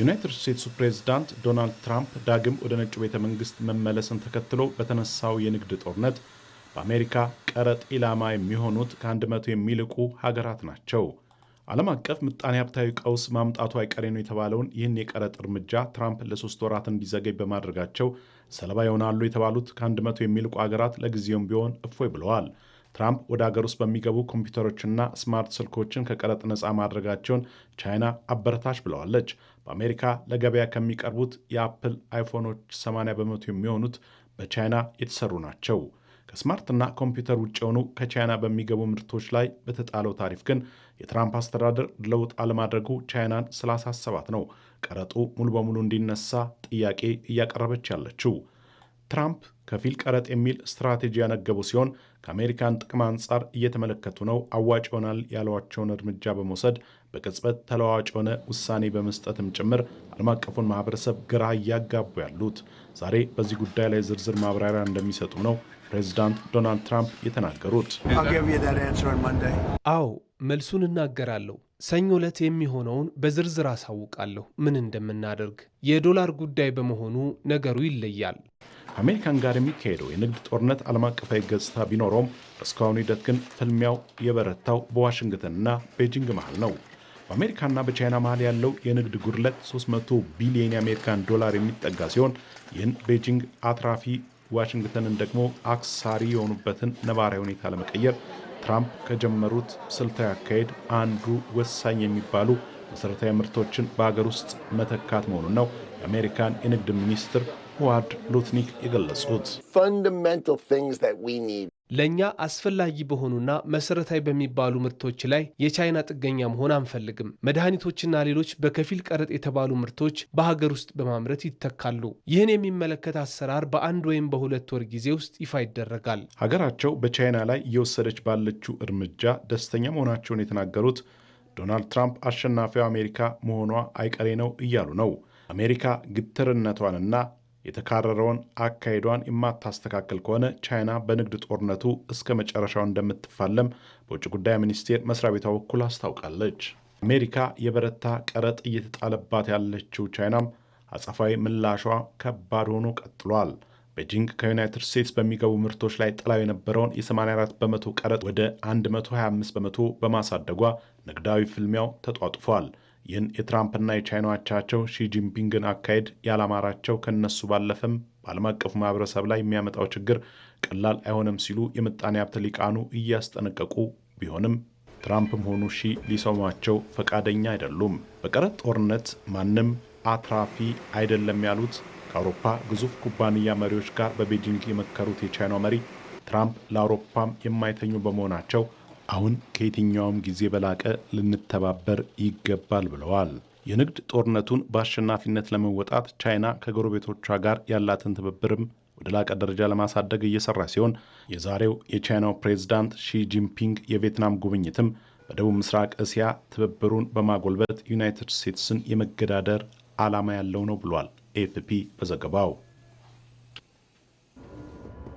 የዩናይትድ ስቴትሱ ፕሬዝዳንት ዶናልድ ትራምፕ ዳግም ወደ ነጩ ቤተ መንግስት መመለስን ተከትሎ በተነሳው የንግድ ጦርነት በአሜሪካ ቀረጥ ኢላማ የሚሆኑት ከ100 የሚልቁ ሀገራት ናቸው። ዓለም አቀፍ ምጣኔ ሀብታዊ ቀውስ ማምጣቱ አይቀሬ ነው የተባለውን ይህን የቀረጥ እርምጃ ትራምፕ ለሶስት ወራት እንዲዘገይ በማድረጋቸው ሰለባ ይሆናሉ የተባሉት ከ100 የሚልቁ ሀገራት ለጊዜውም ቢሆን እፎይ ብለዋል። ትራምፕ ወደ ሀገር ውስጥ በሚገቡ ኮምፒውተሮችና ስማርት ስልኮችን ከቀረጥ ነፃ ማድረጋቸውን ቻይና አበረታች ብለዋለች። በአሜሪካ ለገበያ ከሚቀርቡት የአፕል አይፎኖች 80 በመቶ የሚሆኑት በቻይና የተሰሩ ናቸው። ከስማርትና ኮምፒውተር ውጭ የሆኑ ከቻይና በሚገቡ ምርቶች ላይ በተጣለው ታሪፍ ግን የትራምፕ አስተዳደር ለውጥ አለማድረጉ ቻይናን ስላሳሰባት ነው ቀረጡ ሙሉ በሙሉ እንዲነሳ ጥያቄ እያቀረበች ያለችው። ትራምፕ ከፊል ቀረጥ የሚል ስትራቴጂ ያነገቡ ሲሆን ከአሜሪካን ጥቅም አንጻር እየተመለከቱ ነው አዋጭ ይሆናል ያሏቸውን እርምጃ በመውሰድ በቅጽበት ተለዋዋጭ የሆነ ውሳኔ በመስጠትም ጭምር ዓለም አቀፉን ማህበረሰብ ግራ እያጋቡ ያሉት ዛሬ በዚህ ጉዳይ ላይ ዝርዝር ማብራሪያ እንደሚሰጡ ነው ፕሬዚዳንት ዶናልድ ትራምፕ የተናገሩት። አዎ መልሱን እናገራለሁ። ሰኞ ዕለት የሚሆነውን በዝርዝር አሳውቃለሁ ምን እንደምናደርግ። የዶላር ጉዳይ በመሆኑ ነገሩ ይለያል። ከአሜሪካን ጋር የሚካሄደው የንግድ ጦርነት ዓለም አቀፋዊ ገጽታ ቢኖረውም እስካሁን ሂደት ግን ፍልሚያው የበረታው በዋሽንግተንና ቤጂንግ መሃል ነው። በአሜሪካና በቻይና መሃል ያለው የንግድ ጉድለት 300 ቢሊዮን የአሜሪካን ዶላር የሚጠጋ ሲሆን ይህን ቤጂንግ አትራፊ ዋሽንግተንን ደግሞ አክሳሪ የሆኑበትን ነባራዊ ሁኔታ ለመቀየር ትራምፕ ከጀመሩት ስልታዊ አካሄድ አንዱ ወሳኝ የሚባሉ መሠረታዊ ምርቶችን በሀገር ውስጥ መተካት መሆኑን ነው የአሜሪካን የንግድ ሚኒስትር ሆዋርድ ሉትኒክ የገለጹት ለእኛ አስፈላጊ በሆኑና መሰረታዊ በሚባሉ ምርቶች ላይ የቻይና ጥገኛ መሆን አንፈልግም። መድኃኒቶችና ሌሎች በከፊል ቀረጥ የተባሉ ምርቶች በሀገር ውስጥ በማምረት ይተካሉ። ይህን የሚመለከት አሰራር በአንድ ወይም በሁለት ወር ጊዜ ውስጥ ይፋ ይደረጋል። ሀገራቸው በቻይና ላይ እየወሰደች ባለችው እርምጃ ደስተኛ መሆናቸውን የተናገሩት ዶናልድ ትራምፕ አሸናፊው አሜሪካ መሆኗ አይቀሬ ነው እያሉ ነው። አሜሪካ ግትርነቷንና የተካረረውን አካሄዷን የማታስተካከል ከሆነ ቻይና በንግድ ጦርነቱ እስከ መጨረሻው እንደምትፋለም በውጭ ጉዳይ ሚኒስቴር መስሪያ ቤቷ በኩል አስታውቃለች። አሜሪካ የበረታ ቀረጥ እየተጣለባት ያለችው ቻይናም አጸፋዊ ምላሿ ከባድ ሆኖ ቀጥሏል። ቤጂንግ ከዩናይትድ ስቴትስ በሚገቡ ምርቶች ላይ ጥላው የነበረውን የ84 በመቶ ቀረጥ ወደ 125 በመቶ በማሳደጓ ንግዳዊ ፍልሚያው ተጧጥፏል። ይህን የትራምፕና የቻይና አቻቸው ሺጂንፒንግን አካሄድ ያላማራቸው ከነሱ ባለፈም በዓለም አቀፉ ማህበረሰብ ላይ የሚያመጣው ችግር ቀላል አይሆንም ሲሉ የምጣኔ ሀብት ሊቃኑ እያስጠነቀቁ ቢሆንም ትራምፕም ሆኑ ሺ ሊሰሟቸው ፈቃደኛ አይደሉም። በቀረጥ ጦርነት ማንም አትራፊ አይደለም ያሉት ከአውሮፓ ግዙፍ ኩባንያ መሪዎች ጋር በቤጂንግ የመከሩት የቻይናው መሪ ትራምፕ ለአውሮፓም የማይተኙ በመሆናቸው አሁን ከየትኛውም ጊዜ በላቀ ልንተባበር ይገባል ብለዋል። የንግድ ጦርነቱን በአሸናፊነት ለመወጣት ቻይና ከጎረቤቶቿ ጋር ያላትን ትብብርም ወደ ላቀ ደረጃ ለማሳደግ እየሰራ ሲሆን የዛሬው የቻይናው ፕሬዝዳንት ሺጂንፒንግ የቪየትናም ጉብኝትም በደቡብ ምስራቅ እስያ ትብብሩን በማጎልበት ዩናይትድ ስቴትስን የመገዳደር ዓላማ ያለው ነው ብሏል ኤፍፒ በዘገባው።